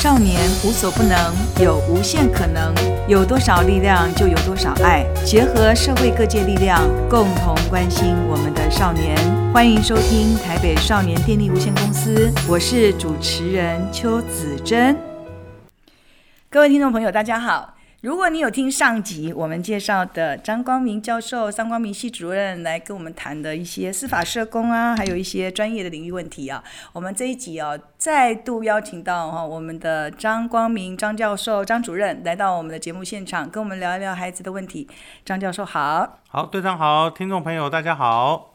少年無所不能，有無限可能。有多少力量，就有多少愛。結合社會各界力量，共同關心我們的少年。歡迎收聽台北少年電力無限公司，我是主持人邱子珍。各位聽眾朋友，大家好。如果你有聽上集我們介紹的章光明教授，章光明系主任來跟我們談的一些司法社工啊，還有一些專業的領域問題啊，我們這一集哦、啊、再度邀請到哈我們的章光明章教授，章主任來到我們的節目現場，跟我們聊一聊孩子的問題。章教授好，好，隊長好，聽眾朋友大家好。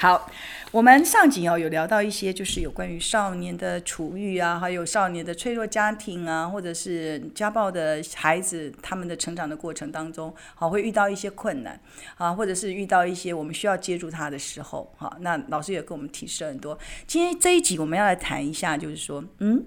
好，我們上集哦有聊到一些，就是有關於少年的處遇啊，還有少年的脆弱家庭啊，或者是家暴的孩子，他們的成長的過程當中，好會遇到一些困難啊，或者是遇到一些我們需要接住他的時候，好，那老師也給我們提示很多。今天這一集我們要來談一下，就是說，嗯。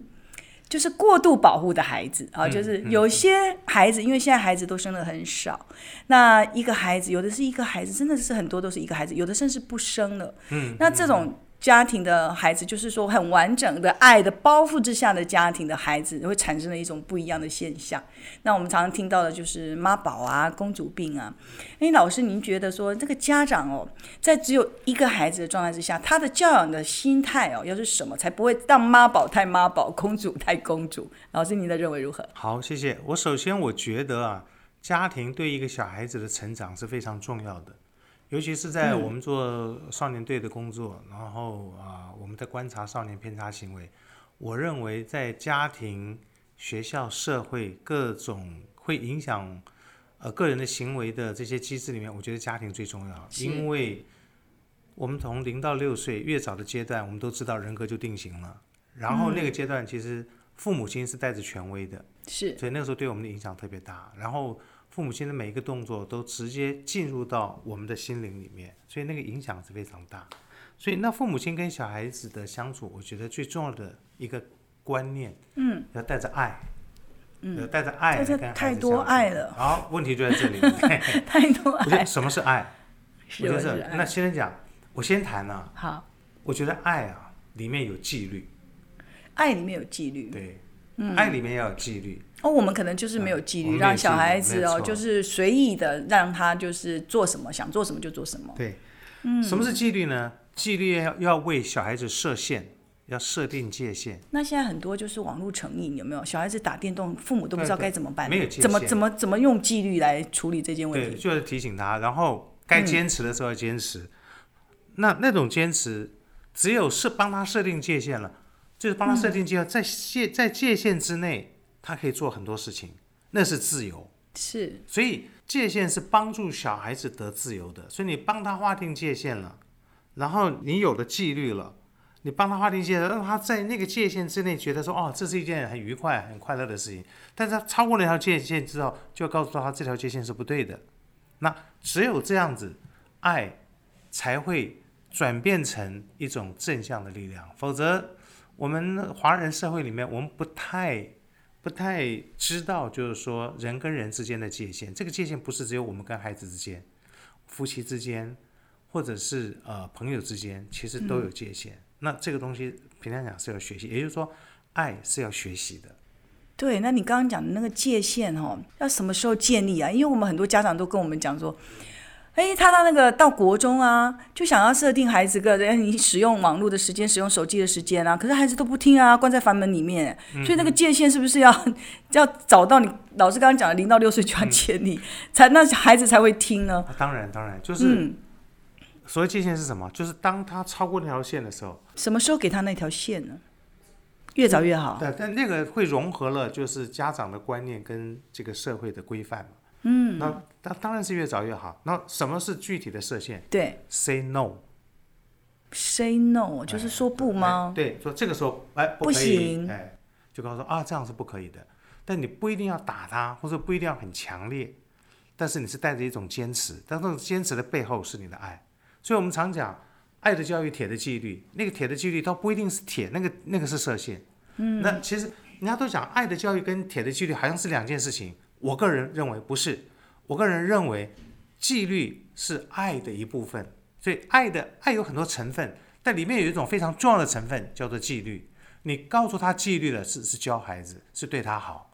就是過度保護的孩子，嗯，啊，就是有些孩子，嗯，因為現在孩子都生得很少，嗯，那一個孩子，有的是一個孩子，真的是很多都是一個孩子，有的甚至不生了。嗯，那這種。家庭的孩子就是說，很完整的愛的包袱之下的家庭的孩子會產生了一種不一樣的現象。那我們常常聽到的就是媽寶啊、公主病啊。哎，老師，您覺得說，這、那個家長哦，在只有一個孩子的狀態之下，他的教養的心態哦要是什麼才不會讓媽寶太媽寶、公主太公主？老師，您的認為如何？好，謝謝。我首先我覺得啊，家庭對一個小孩子的成長是非常重要的。尤其是在我們做少年隊的工作，嗯、然後啊、呃，我們在觀察少年偏差行為，我認為在家庭、學校、社會各種會影響呃個人的行為的這些機制裡面，我覺得家庭最重要，因為我們從零到六歲越早的階段，我們都知道人格就定型了，然後那個階段其實父母親是帶着權威的，是，所以那個時候對我們的影響特別大，然後。父母親的每一個動作都直接進入到我們的心靈裡面，所以那個影響是非常大。所以，那父母親跟小孩子的相處，我覺得最重要的一個觀念，嗯，要帶着愛，嗯，要帶着愛，太多愛了。好，問題就在這裡， 太多愛了。什麼是愛，是,是愛？我覺得，那先生講，我先談呢、啊。好，我覺得愛啊，裡面有紀律，愛裡面有紀律，對，嗯、愛裡面要有紀律。哦，我們可能就是沒有紀律，嗯、讓小孩子哦，就是隨意的讓他就是做什麼，想做什麼就做什麼。對，嗯，什麼是紀律呢？紀律要要為小孩子設限，要設定界限。那現在很多就是網絡成癮，有沒有小孩子打電動，父母都不知道該怎麼辦？沒有，怎麼怎麼怎麼，怎麼用紀律來處理這件問題？對，就是提醒他，然後該堅持的時候要堅持。嗯、那那種堅持，只有是幫他設定界限了，就是幫他設定界限、嗯，在界在界限之內。他可以做很多事情，那是自由，是，所以界限是幫助小孩子得自由的。所以你幫他劃定界限了，然後你有了紀律了，你幫他劃定界限了，讓他在那個界限之內，覺得說，哦，這是一件很愉快、很快樂的事情。但是他超過了一條界限之後，就要告訴他這條界限是不對的。那只有這樣子，愛才會轉變成一種正向的力量。否則，我們華人社會裡面，我們不太。不太知道，就是說人跟人之間的界限，這個界限不是只有我們跟孩子之間、夫妻之間，或者是呃朋友之間，其實都有界限。嗯、那這個東西，平常講是要學習，也就是說，愛是要學習的。對，那你剛剛講的那個界限哦，要什麼時候建立啊？因為我們很多家長都跟我們講說。哎，他到那個到國中啊，就想要設定孩子個人你使用網絡的時間、使用手機的時間啊，可是孩子都不聽啊，關在房門裡面，所以那個界限是不是要要找到你？老師剛剛講的零到六歲賺錢你，嗯、才那孩子才會聽呢、啊啊。當然，當然就是。嗯、所謂界限是什麼？就是當他超過那條線的時候。什麼時候給他那條線呢？越早越好。嗯、對，但那個會融合了，就是家長的觀念跟這個社會的規範嘛。嗯，那當當然是越早越好。那什麼是具體的設限？對，say no，say no, Say no，哎，就是說不嗎？哎，對，說這個時候哎不，不行哎，就告訴說啊這樣是不可以的。但你不一定要打他，或者不一定要很強烈，但是你是帶着一種堅持。但這種堅持的背後是你的愛。所以我們常講，愛的教育，鐵的紀律。那個鐵的紀律倒不一定是鐵，那個那個是設限。嗯，那其實人家都講，愛的教育跟鐵的紀律好像是兩件事情。我個人認為不是，我個人認為，紀律是愛的一部分。所以愛的愛有很多成分，但裡面有一種非常重要的成分叫做紀律。你告訴他紀律的是是教孩子，是對他好。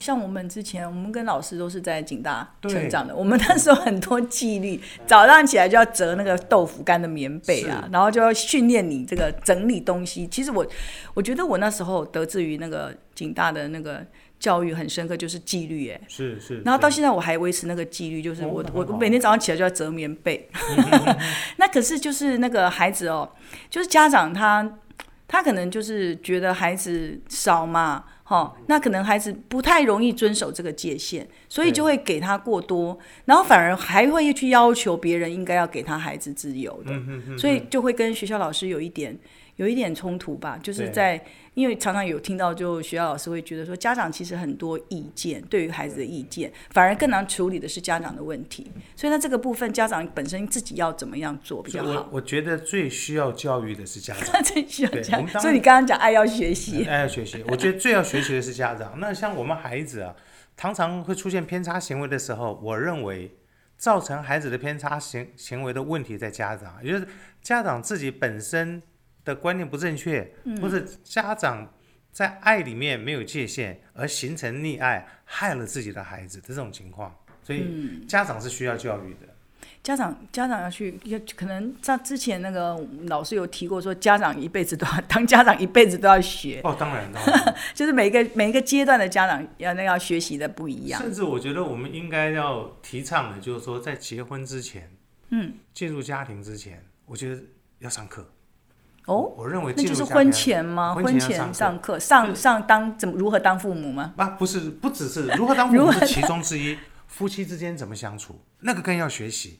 像我們之前，我們跟老師都是在警大成長的，我們那時候很多紀律，早上起來就要折那個豆腐乾的棉被啊，然後就要訓練你這個整理東西。其實我，我覺得我那時候得志於那個警大的那個。教育很深刻，就是紀律，哎，是是，然後到現在我還維持那個紀律，就是我我我每天早上起來就要折棉被。 那可是就是那個孩子哦，就是家長他他可能就是覺得孩子少嘛，哦，那可能孩子不太容易遵守這個界限，所以就會給他過多，然後反而還會去要求別人應該要給他孩子自由的，嗯、哼哼哼所以就會跟學校老師有一點。有一點衝突吧，就是在因為常常有聽到，就學校老師會覺得說，家長其實很多意見，對於孩子的意見，反而更難處理的是家長的問題。所以呢，這個部分，家長本身自己要怎麼樣做比較好？我覺得最需要教育的是家長，最需要教，所以你剛剛講愛要學習，嗯，愛要學習。我覺得最要學習的是家長。 那像我們孩子啊，常常會出現偏差行為的時候，我認為造成孩子的偏差行行為的問題在家長，也就是家長自己本身的觀念不正確、嗯，或者家長在愛裡面沒有界限，而形成溺愛，害了自己的孩子的這種情況。所以家長是需要教育的。嗯、家長家長要去，要可能在之前那個老師有提過說，說家長一輩子都要當家長，一輩子都要學。哦，當然,當然 就是每個每一個階段的家長要那要學習的不一樣。甚至我覺得我們應該要提倡的，就是說在結婚之前，嗯，進入家庭之前，我覺得要上課。哦，我認為這就是婚前嗎？婚前上課，上上當怎麼如何當父母嗎、嗯？啊，不是，不只是如何當父母是其中之一， 夫妻之間怎麼相處，那個更要學習。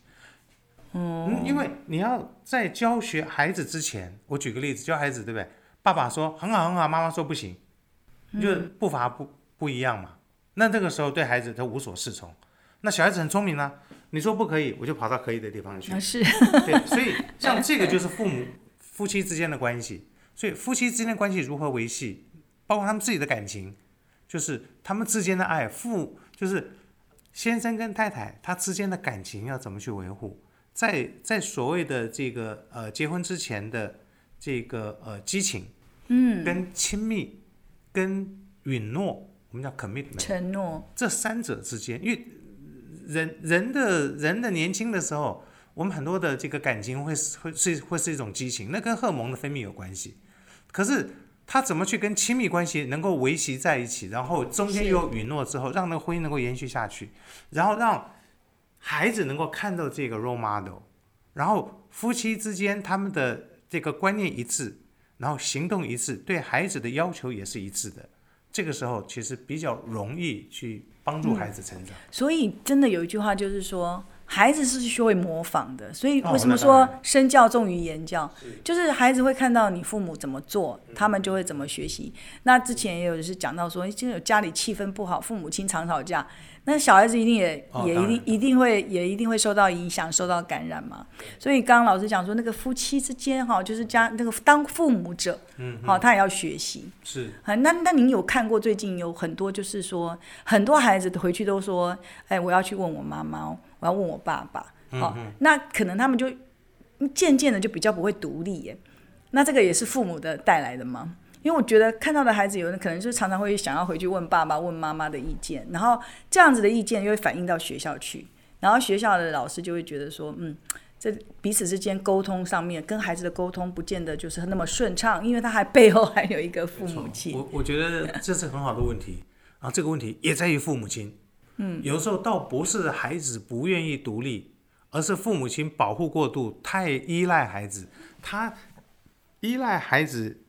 嗯，因為你要在教學孩子之前，我舉個例子，教孩子對不對？爸爸說很好很好，媽媽說不行，就是步伐不不一樣嘛、嗯。那這個時候對孩子他無所適從。那小孩子很聰明啊，你說不可以，我就跑到可以的地方去。啊、是，對，所以像這個就是父母。 夫妻之間的關係，所以夫妻之間的關係如何維繫，包括他們自己的感情，就是他們之間的愛，夫，就是先生跟太太他之間的感情要怎麼去維護，在在所謂的這個呃結婚之前的這個呃激情，嗯，跟親密，跟允諾，我們叫 commitment，承諾，這三者之間，因為人人的人的年輕的時候。我們很多的這個感情會是會是會是一種激情，那跟荷爾蒙的分泌有關係。可是他怎麼去跟親密關係能夠維繫在一起，然後中間又允諾之後，讓那個婚姻能夠延續下去，然後讓孩子能夠看到這個 role model，然後夫妻之間他們的這個觀念一致，然後行動一致，對孩子的要求也是一致的。這個時候其實比較容易去幫助孩子成長。嗯，所以真的有一句話就是說。孩子是學會模仿的，所以為什麼說身教重於言教，哦？就是孩子會看到你父母怎麼做，他們就會怎麼學習。那之前也有就是講到說，哎，就有家裡氣氛不好，父母親常吵吵架，那小孩子一定也、哦、也一定一定會也一定會受到影響，受到感染嘛。所以剛剛老師講說，那個夫妻之間哈，就是家那個當父母者，嗯，好、哦，他也要學習。是啊，那那您有看過最近有很多就是說，很多孩子回去都說，哎，我要去問我媽媽。我要問我爸爸，好，嗯、那可能他們就漸漸的就比較不會獨立耶。那這個也是父母的帶來的嗎？因為我覺得看到的孩子有的可能就常常會想要回去問爸爸、問媽媽的意見，然後這樣子的意見又會反映到學校去，然後學校的老師就會覺得說，嗯，這彼此之間溝通上面跟孩子的溝通不見得就是很那麼順暢，因為他還背後還有一個父母親。我我覺得這是很好的問題， 啊。這個問題也在於父母親。嗯，有時候倒不是孩子不願意獨立，而是父母親保護過度，太依賴孩子，他依賴孩子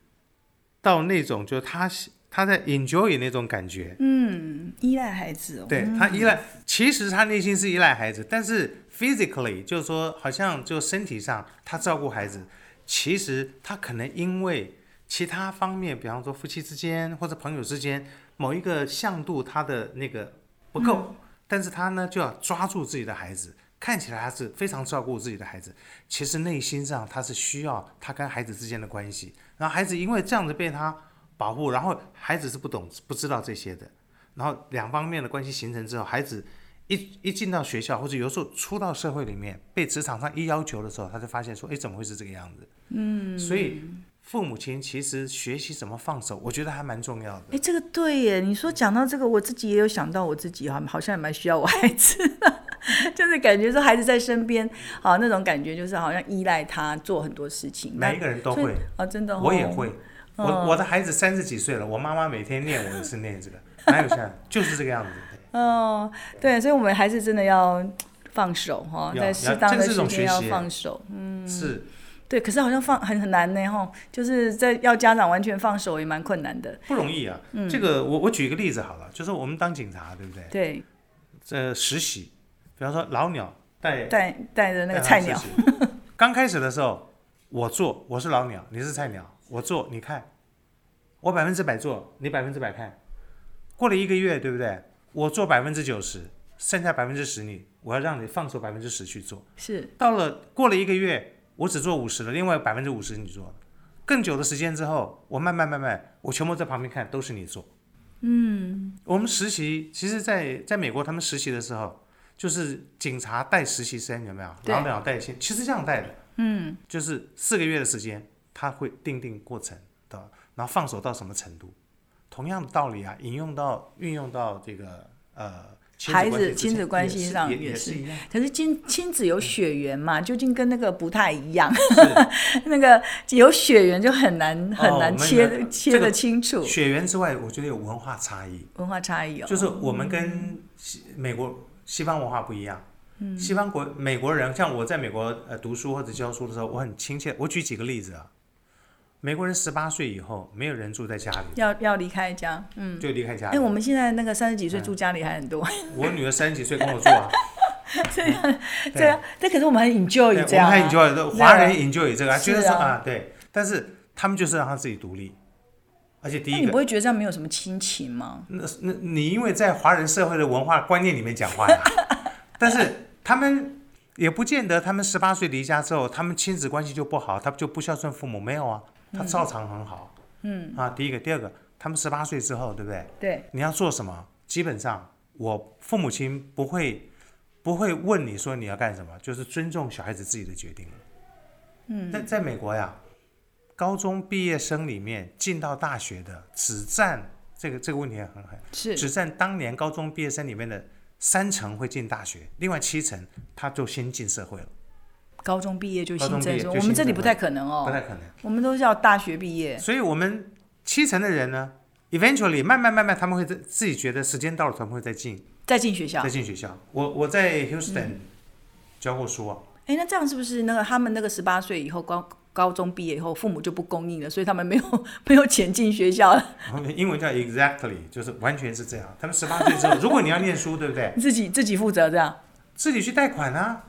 到那種就，就是他他在 enjoy 那種感覺。嗯，依賴孩子。對，他依賴，其實他內心是依賴孩子，但是 physically 就是說，好像就身體上他照顧孩子，其實他可能因為其他方面，比方說夫妻之間或者朋友之間某一個向度，他的那個。不夠，但是他呢就要抓住自己的孩子，嗯，看起來他是非常照顧自己的孩子，其實內心上他是需要他跟孩子之間的關係，然後孩子因為這樣子被他保護，然後孩子是不懂不知道這些的，然後兩方面的關係形成之後，孩子一一進到學校或者有時候出到社會裡面，被職場上一要求的時候，他就發現說，哎，怎麼會是這個樣子？嗯，所以。父母親其實學習怎麼放手，我覺得還蠻重要的。哎，這個對耶！你說講到這個，我自己也有想到我自己哈，好像也蠻需要我孩子的， 就是感覺說孩子在身邊，好、哦、那種感覺就是好像依賴他做很多事情。每一個人都會啊、哦，真的、哦，我也會。哦、我我的孩子三十幾歲了，我媽媽每天念我也是念這個，還有效， 就是這個樣子。哦，對，所以我們還是真的要放手哈、哦，在適當的時間要放手，啊、嗯，是。對，可是好像放很很難呢，吼，就是在要家長完全放手也蠻困難的。不容易啊，嗯，這個我我舉一個例子好了，就是我們當警察，對不對？對。這實習，比方說老鳥帶帶帶着那個菜鳥， 剛開始的時候我做，我是老鳥，你是菜鳥，我做你看，我百分之百做，你百分之百看。過了一個月，對不對？我做百分之九十，剩下百分之十你，我要讓你放手百分之十去做。是。到了過了一個月。我只做五十了，另外百分之五十你做。更久的時間之後，我慢慢慢慢，我全部在旁邊看，都是你做。嗯，我們實習，其實在，在在美國他們實習的時候，就是警察帶實習生，有沒有？然後領導帶線，其實這樣帶的。嗯，就是四個月的時間，他會訂定過程的，然後放手到什麼程度。同樣的道理啊，引用到運用到這個呃。孩子親子，親子關係上也，也，是也，也是，可是親親子有血緣嘛、嗯，究竟跟那個不太一樣， 那個有血緣就很難、嗯、很難切、哦、切得清楚。這個、血緣之外，我覺得有文化差異。文化差異有、哦，就是我們跟美國西、嗯、西方文化不一樣。嗯，西方國美國人，像我在美國呃讀書或者教書的時候，我很親切。我舉幾個例子啊。.美國人十八歲以後，沒有人住在家裡。要要離開家，嗯，就離開家。哎、欸，我們現在那個三十幾歲住家裡還很多。嗯、我女兒三十幾歲跟我住啊。 嗯、對啊。對啊，對啊，這可是我們很 enjoy 這樣啊。enjoy，華人 enjoy 這個啊，啊、就是、說啊，啊，對，但是他們就是讓他自己獨立。而且第一個，你不會覺得這樣沒有什麼親情嗎？那那你因為在華人社會的文化觀念裡面講話呀、啊。 但是他們也不見得，他們十八歲離家之後，他們親子關係就不好，他們就不孝順父母沒有啊？他照常很好，嗯、嗯啊，第一個，第二個，他們十八歲之後，對不對？對，你要做什麼？基本上，我父母親不會不會問你說你要幹什麼，就是尊重小孩子自己的決定。嗯。在在美國呀，高中畢業生裡面進到大學的只佔，這個這個問題也很狠，是只佔當年高中畢業生裡面的三成會進大學，另外七成他就先進社會了。高中畢業就行，進？我們這裡不太可能哦，不太可能，我們都叫大學畢業。所以我們七成的人呢，eventually 慢慢慢慢，他們會自自己覺得時間到了，他們會再進，再進學校，再進學校。我我在 Houston、嗯、教過書啊。哎、欸，那這樣是不是那個他們那個十八歲以後高高中畢業以後，父母就不供應了，所以他們沒有沒有錢進學校了？英文叫 exactly，就是完全是這樣。他們十八歲之後， 如果你要念書，對不對？自己自己負責，這樣自己去貸款啊。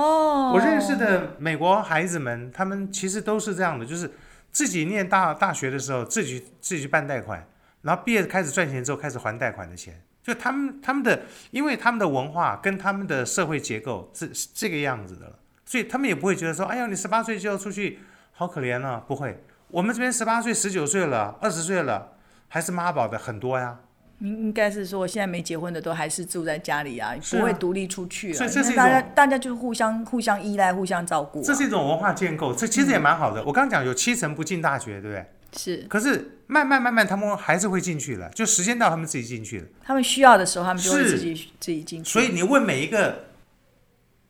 哦，我認識的美國孩子們，他們其實都是這樣的，就是自己念大大學的時候，自己自己去辦貸款，然後畢業開始賺錢之後，開始還貸款的錢。就他們他們的，因為他們的文化跟他們的社會結構是，是這個樣子的，所以他們也不會覺得說，哎呀，你十八歲就要出去，好可憐啊。不會，我們這邊十八歲、十九歲了、二十歲了，還是媽寶的很多呀。應應該是說，現在沒結婚的都還是住在家裡啊，啊不會獨立出去了，啊。所以這是大家大家就是互相互相依賴、互相照顧啊。這是一種文化建構，這其實也蠻好的。嗯、我剛剛講有七成不進大學，對不對？是。可是慢慢慢慢，他們還是會進去了，就時間到，他們自己進去了。他們需要的時候，他們就會自己自己進去。所以你問每一個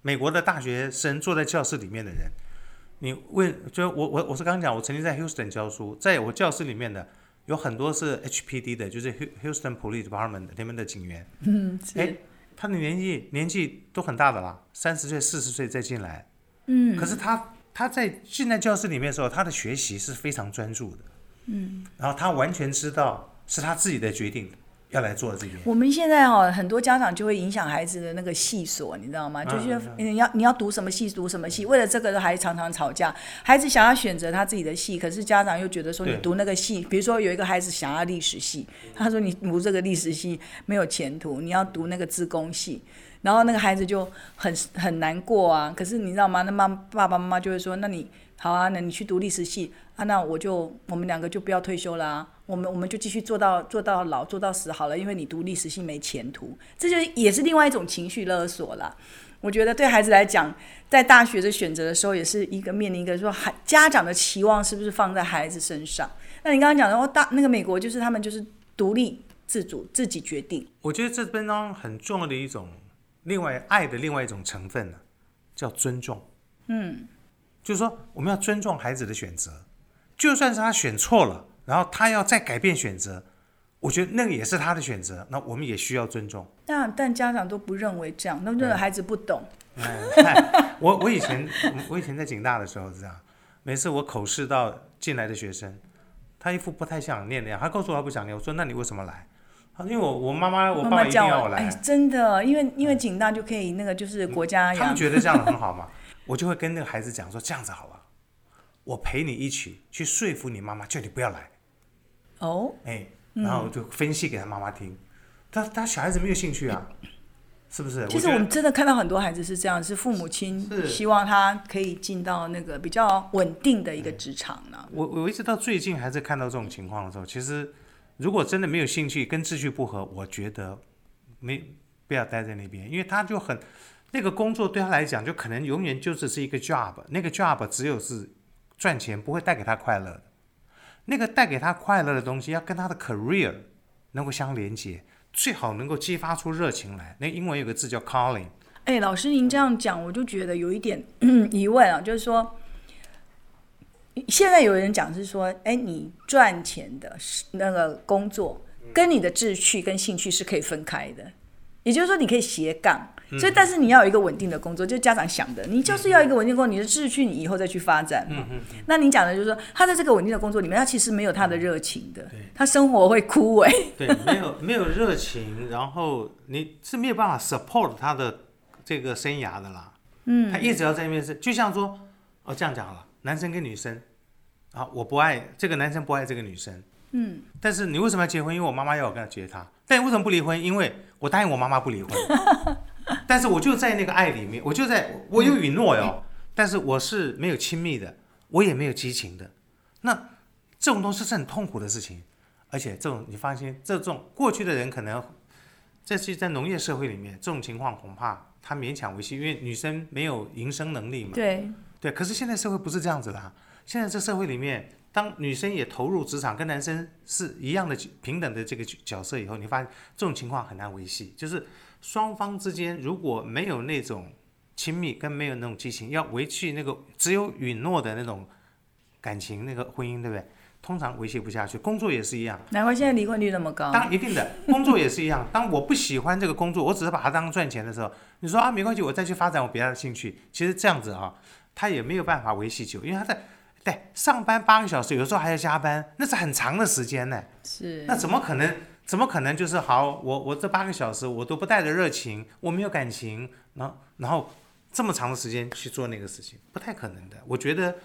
美國的大學生坐在教室裡面的人，你問，就我我我是剛剛講，我曾經在 Houston 教書，在我教室裡面的。有很多是 HPD 的，就是 Houston Police Department 裡面的警員。嗯，是。哎，他的年紀年紀都很大的啦，三十歲、四十歲再進來。嗯。可是他他在進在教室裡面的時候，他的學習是非常專注的。嗯。然後他完全知道是他自己在決定的。要來做這件事，我們現在哈、喔、很多家長就會影響孩子的那個系所，你知道嗎？嗯、就是你要你要讀什麼系，讀什麼系，為了這個都還常常吵架。孩子想要選擇他自己的系，可是家長又覺得說你讀那個系，比如說有一個孩子想要歷史系，他說你讀這個歷史系沒有前途，你要讀那個資工系，然後那個孩子就很很難過啊。可是你知道嗎？那媽爸爸媽媽就會說，那你。好啊，那你去讀歷史系啊，那我就我們兩個就不要退休啦，啊，我們我們就繼續做到做到老做到死好了。因為你讀歷史系沒前途，這就也是另外一種情緒勒索啦。我覺得對孩子來講，在大學的選擇的時候，也是一個面臨一個說孩家長的期望是不是放在孩子身上？那你剛剛講的哦，大那個美國就是他們就是獨立自主自己決定。我覺得這邊當中很重要的一種另外愛的另外一種成分呢，啊，叫尊重。嗯。就是說，我們要尊重孩子的選擇，就算是他選錯了，然後他要再改變選擇，我覺得那個也是他的選擇，那我們也需要尊重。那但家長都不認為這樣，那認為孩子不懂。 哎、我我以前 我以前在警大的時候是這樣，每次我口試到進來的學生，他一副不太想念的樣，他告訴我他不想念，我說，那你為什麼來？因為我我媽媽我爸爸一定要我來，我媽媽哎、真的，因為因為警大就可以那個就是國家養，他們覺得這樣很好嘛。 我就會跟那個孩子講說，這樣子好了，我陪你一起去說服你媽媽，叫你不要來。哦，哎，然後就分析給他媽媽聽。嗯、他他小孩子沒有興趣啊，是不是？其實我，我們真的看到很多孩子是這樣，是父母親希望他可以進到那個比較穩定的一個職場呢。嗯、我我一直到最近還是看到這種情況的時候，其實如果真的沒有興趣跟秩序不合，我覺得沒不要待在那邊，因為他就很。那個工作對他來講，就可能永遠就只是一個 job。那個 job 只有是賺錢，不會帶給他快樂。那個帶給他快樂的東西，要跟他的 career 能夠相連接，最好能夠激發出熱情來。那英文有個字叫 calling。哎，老師，您這樣講，我就覺得有一點疑問啊，就是說，現在有人講是說，哎，你賺錢的那個工作，跟你的志趣跟興趣是可以分開的。也就是說，你可以斜槓，所以但是你要有一個穩定的工作，嗯、就是家長想的，你就是要一個穩定工作，你的志趣你以後再去發展。嗯，嗯，嗯，那你講的就是說，他在這個穩定的工作裡面，他其實沒有他的熱情的對，他生活會枯萎。對，沒有沒有熱情，然後你是沒有辦法 support 他的這個生涯的啦。嗯，他一直要在面試，就像說哦這樣講好了，男生跟女生啊，我不愛這個男生，不愛這個女生。嗯，但是你為什麼要結婚？因為我媽媽要我跟他結他。但你為什麼不離婚？因為我答應我媽媽不離婚， 但是我就在那個愛裡面，我就在，我有允諾喲、嗯，但是我是沒有親密的，我也沒有激情的，那這種東西是很痛苦的事情，而且這種你放心，這種過去的人可能，這是在農業社會裡面，這種情況恐怕他勉強維繫，因為女生沒有營生能力嘛，對，對，可是現在社會不是這樣子的，啊，現在這社會裡面。當女生也投入職場，跟男生是一樣的平等的這個角色以後，你發現這種情況很難維繫，就是雙方之間如果沒有那種親密，跟沒有那種激情，要維繫那個只有允諾的那種感情，那個婚姻，對不對？通常維繫不下去，工作也是一樣。難怪現在離婚率那麼高。當一定的工作也是一樣，當我不喜歡這個工作， 我只是把它當賺錢的時候，你說啊，沒關係，我再去發展我別的興趣。其實這樣子啊，他也沒有辦法維繫久，因為他在。對，上班八個小時，有時候還要加班，那是很長的時間呢。是。那怎麼可能？怎麼可能？就是好，我我這八個小時，我都不帶着熱情，我沒有感情，然後然後這麼長的時間去做那個事情，不太可能的。我覺得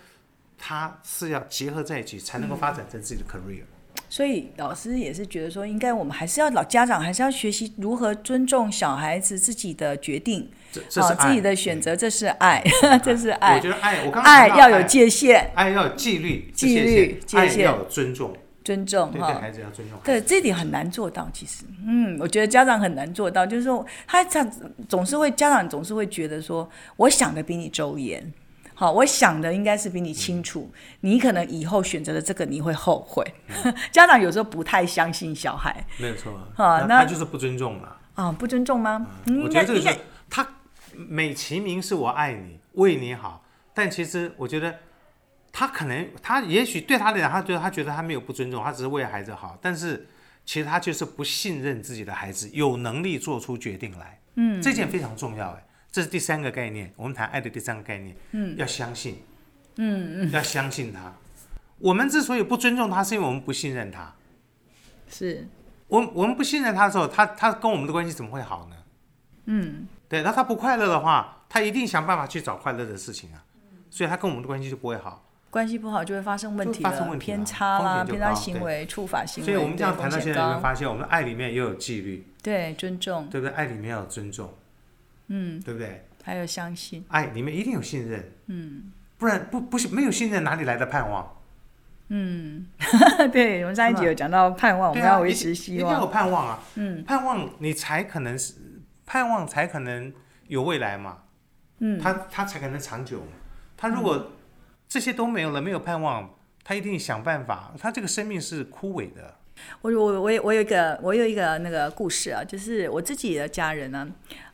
他是要結合在一起，才能夠發展成自己的 career。嗯所以老師也是覺得說，應該我們還是要老家長還是要學習如何尊重小孩子自己的決定，好、哦、自己的選擇、嗯，這是愛，嗯、 這是愛。我覺得愛，我剛剛愛，愛要有界限，愛要有紀律，紀律界限愛要有尊重，尊重對對，對孩子要尊重、哦、孩子要尊重。對，這點很難做到，其實，嗯，我覺得家長很難做到，就是說他這樣子總是會家長總是會覺得說，我想的比你周延。好，我想的應該是比你清楚、嗯。你可能以後選擇了這個，你會後悔。嗯、 家長有時候不太相信小孩，沒有錯啊。那，那他就是不尊重了。啊、哦，不尊重嗎、嗯？我覺得這個是他美其名是“我愛你，為你好”，但其實我覺得他可能，他也許對他來講，他覺得他覺得他沒有不尊重，他只是為孩子好。但是其實他就是不信任自己的孩子有能力做出決定來。嗯，這件非常重要哎、欸。這是第三個概念，我們談愛的第三個概念。嗯，要相信，嗯嗯，要相信他。 我們之所以不尊重他，是因為我們不信任他。是，我們我們不信任他的時候，他他跟我們的關係怎麼會好呢？嗯，對。那他不快樂的話，他一定想辦法去找快樂的事情啊。所以，他跟我們的關係就不會好。關係不好就會發生問題，發生問題，偏差啦、啊，偏差行為、觸法行為。所以我們這樣談到現在，你會發現我們愛裡面也有紀律，對，尊重，對不對？愛裡面要有尊重。嗯，對不對？還有相信，哎，你們一定有信任，嗯，不然不不是沒有信任，哪裡來的盼望？嗯， 對嗯，我們上一集有講到盼望，啊、我們要維持希望，你你要有盼望啊，嗯，盼望你才可能是，嗯、盼望，才可能有未來嘛，嗯，他他才可能長久嘛，他如果這些都沒有了，沒有盼望，他一定想辦法，他這個生命是枯萎的。我我我有我有一個我有一個那個故事啊，就是我自己的家人呢，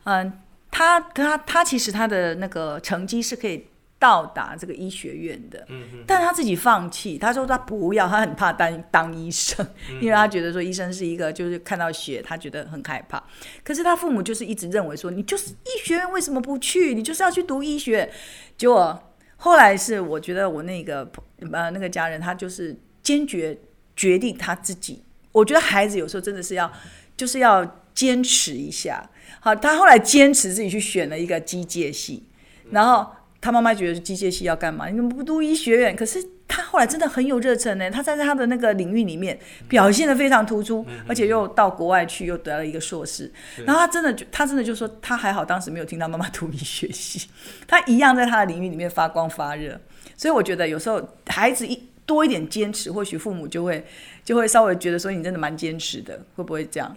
啊，嗯。他他他其實他的那個成績是可以到達這個醫學院的，但他自己放棄，他說他不要，他很怕當當醫生，因為他覺得說醫生是一個就是看到血他覺得很害怕。可是他父母就是一直認為說你就是醫學院，為什麼不去？你就是要去讀醫學。結果後來是我覺得我那個呃那個家人他就是堅決決定他自己，我覺得孩子有時候真的是要就是要。堅持一下，好，他後來堅持自己去選了一個機械系，然後他媽媽覺得機械系要幹嘛？你怎麼不讀醫學院？可是他後來真的很有熱忱呢，他站在他的那個領域裡面表現得非常突出，嗯、哼哼，而且又到國外去又得了一個碩士、嗯哼哼。然後他真的，他真的就說他還好，當時沒有聽到媽媽讀醫學系，他一樣在他的領域裡面發光發熱。所以我覺得有時候孩子一多一點堅持，或許父母就會就會稍微覺得說你真的蠻堅持的，會不會這樣？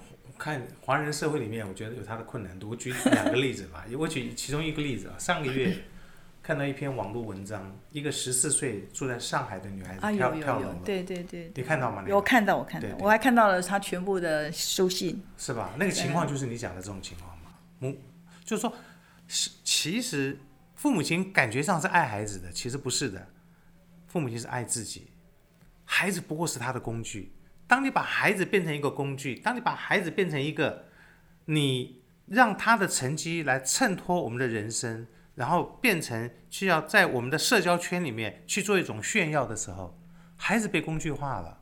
看華人社會裡面，我覺得有他的困難。我舉兩個例子吧， 我舉其中一個例子啊。上個月看到一篇網絡文章，一個十四歲住在上海的女孩子跳、啊、跳樓了。對對對，對，你看到嗎？那個有？我看到，我看到，對對對，我還看到了她全部的書信。是吧？那個情況就是你講的這種情況嘛？嗯，就是說，是其實父母親感覺上是愛孩子的，其實不是的。父母親是愛自己，孩子不過是他的工具。當你把孩子變成一個工具，當你把孩子變成一個你讓他的成績來襯托我們的人生，然後變成需要在我們的社交圈裡面去做一種炫耀的時候，孩子被工具化了。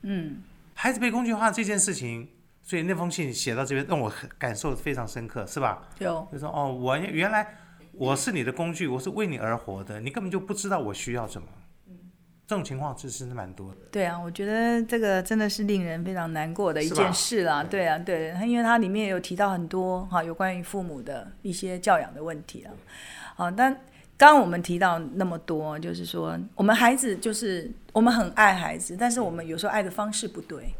嗯，孩子被工具化這件事情，所以那封信寫到這邊讓我感受非常深刻，是吧？有，就說哦，我原來我是你的工具，嗯，我是為你而活的，你根本就不知道我需要什麼。這種情況其實是蠻多的。對啊，我覺得這個真的是令人非常難過的一件事啦。對啊，對，因為它裡面有提到很多哈，有關於父母的一些教養的問題啊。好，但剛剛我們提到那麼多，就是說我們孩子就是我們很愛孩子，但是我們有時候愛的方式不對。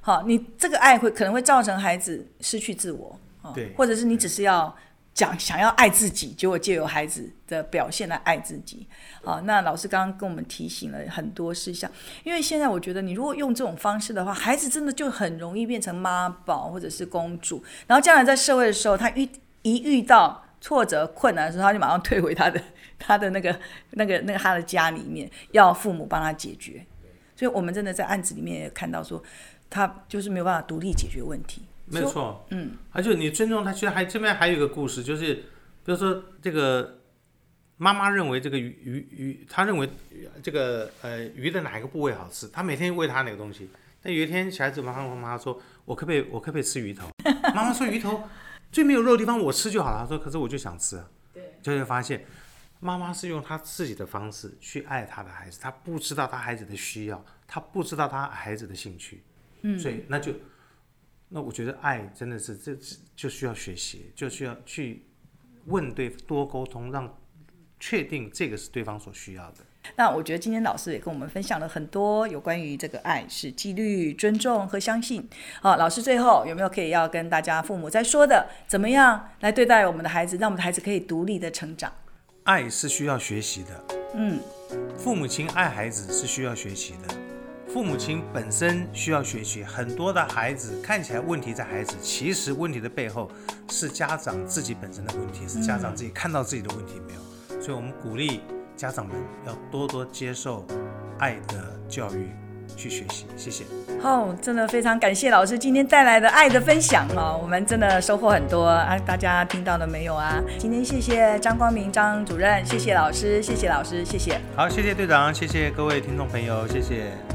好，你這個愛會可能會造成孩子失去自我啊，或者是你只是要。想想要愛自己，結果借由孩子的表現來愛自己。啊，那老師剛剛跟我們提醒了很多事項，因為現在我覺得，你如果用這種方式的話，孩子真的就很容易變成媽寶或者是公主。然後將來在社會的時候，他遇一遇到挫折困難的時候，他就馬上退回他的他的那個那個那個他的家裡面，要父母幫他解決。所以我們真的在案子裡面也看到說，他就是沒有辦法獨立解決問題。沒錯，嗯，而、啊、且你尊重他，其實還這邊還有一個故事，就是，比如說這個媽媽認為這個魚魚、魚，她認為這個呃魚的哪一個部位好吃，她每天餵他那個東西。但有一天，小孩子問媽，媽媽說：“我可不可以我可不可以吃魚頭？”媽媽說：“魚頭最沒有肉的地方，我吃就好了。”她說：“可是我就想吃。”就會發現媽媽是用她自己的方式去愛她的孩子，她不知道她孩子的需要，她不知道她孩子的興趣，嗯，所以那就。嗯那我覺得愛真的是這，這就需要學習，就需要去問對方，多溝通，讓確定這個是對方所需要的。那我覺得今天老師也跟我們分享了很多有關於這個愛是紀律、尊重和相信。好，老師最後有沒有可以要跟大家父母在說的？怎麼樣來對待我們的孩子，讓我們的孩子可以獨立的成長？愛是需要學習的。嗯，父母親愛孩子是需要學習的。父母親本身需要學習，很多的孩子看起來問題在孩子，其實問題的背後是家長自己本身的問題，是家長自己看到自己的問題、嗯、沒有？所以，我們鼓勵家長們要多多接受愛的教育，去學習。謝謝。好，Oh，真的非常感謝老師今天帶來的愛的分享哦，我們真的收穫很多啊！大家聽到了沒有啊？今天謝謝章光明章主任，謝謝老師，謝謝老師，謝謝。好，謝謝隊長，謝謝各位聽眾朋友，謝謝。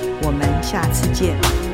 我們下次見。